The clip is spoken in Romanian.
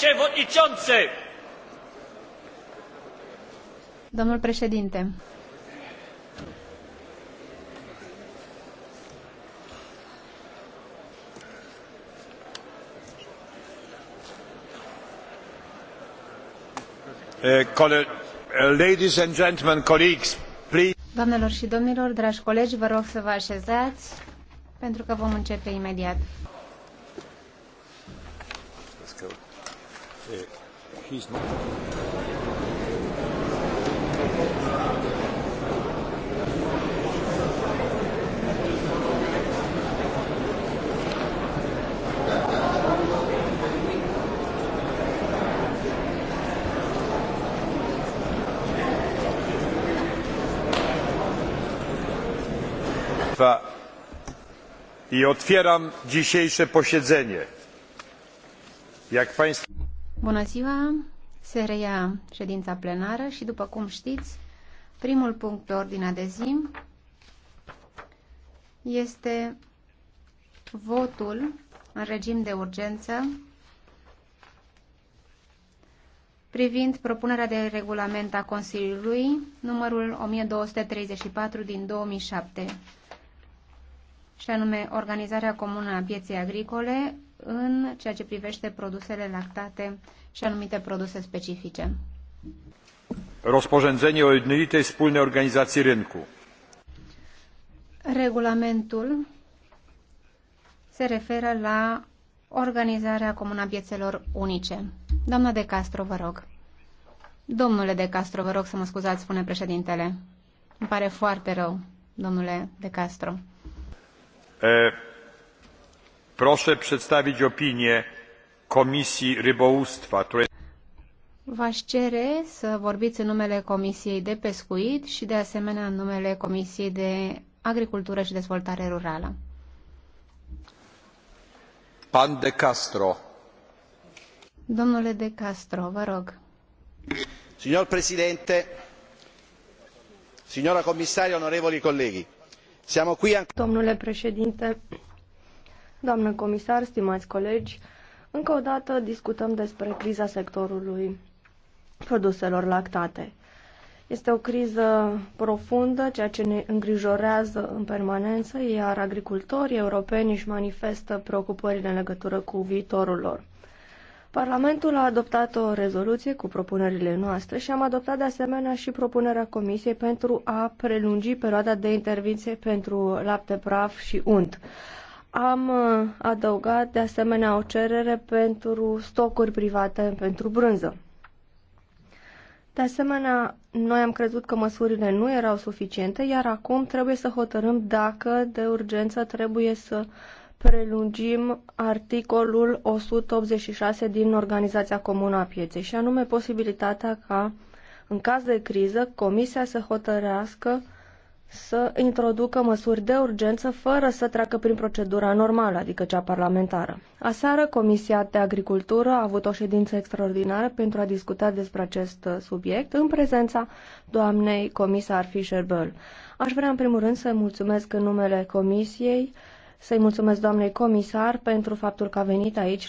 przewodniczący! Domnul președinte. Eh, eh, ladies and gentlemen, colleagues, please. Doamnelor și domnilor, dragi colegi, vă rog să vă așezați pentru că vom începe imediat. he's i otwieram dzisiejsze posiedzenie. jak państwo Bună ziua! Se reia ședința plenară și, după cum știți, primul punct pe ordinea de zi este votul în regim de urgență privind propunerea de regulament a Consiliului numărul 1234 din 2007 și anume Organizarea Comună a Pieței Agricole în ceea ce privește produsele lactate și anumite produse specifice. Rozporządzenie o jednolitej wspólnej organizacji rynku. Regulamentul se referă la organizarea comună a piețelor unice. Doamna De Castro, vă rog. Domnule De Castro, vă rog să mă scuzați, spune președintele. Îmi pare foarte rău, domnule De Castro. Proszę przedstawić opinię Komisji Rybołówstwa, Której... V-aș cere să vorbiți în numele Comisiei de Pescuit și de asemenea în numele Comisiei de Agricultură și Dezvoltare Rurală. Pan de Castro. Domnule de Castro, vă rog. Signor Presidente, signora Commissario, onorevoli colleghi, siamo qui... Domnule președinte, Doamnă comisar, stimați colegi, încă o dată discutăm despre criza sectorului produselor lactate. Este o criză profundă, ceea ce ne îngrijorează în permanență, iar agricultorii europeni își manifestă preocupările în legătură cu viitorul lor. Parlamentul a adoptat o rezoluție cu propunerile noastre și am adoptat de asemenea și propunerea Comisiei pentru a prelungi perioada de intervenție pentru lapte praf și unt. Am uh, adăugat de asemenea o cerere pentru stocuri private pentru brânză. De asemenea, noi am crezut că măsurile nu erau suficiente, iar acum trebuie să hotărâm dacă de urgență trebuie să prelungim articolul 186 din Organizația Comună a Pieței, și anume posibilitatea ca, în caz de criză, Comisia să hotărească să introducă măsuri de urgență fără să treacă prin procedura normală, adică cea parlamentară. Aseară, Comisia de Agricultură a avut o ședință extraordinară pentru a discuta despre acest uh, subiect în prezența doamnei comisar Fischer-Böll. Aș vrea, în primul rând, să mulțumesc în numele Comisiei, să-i mulțumesc doamnei comisar pentru faptul că a venit aici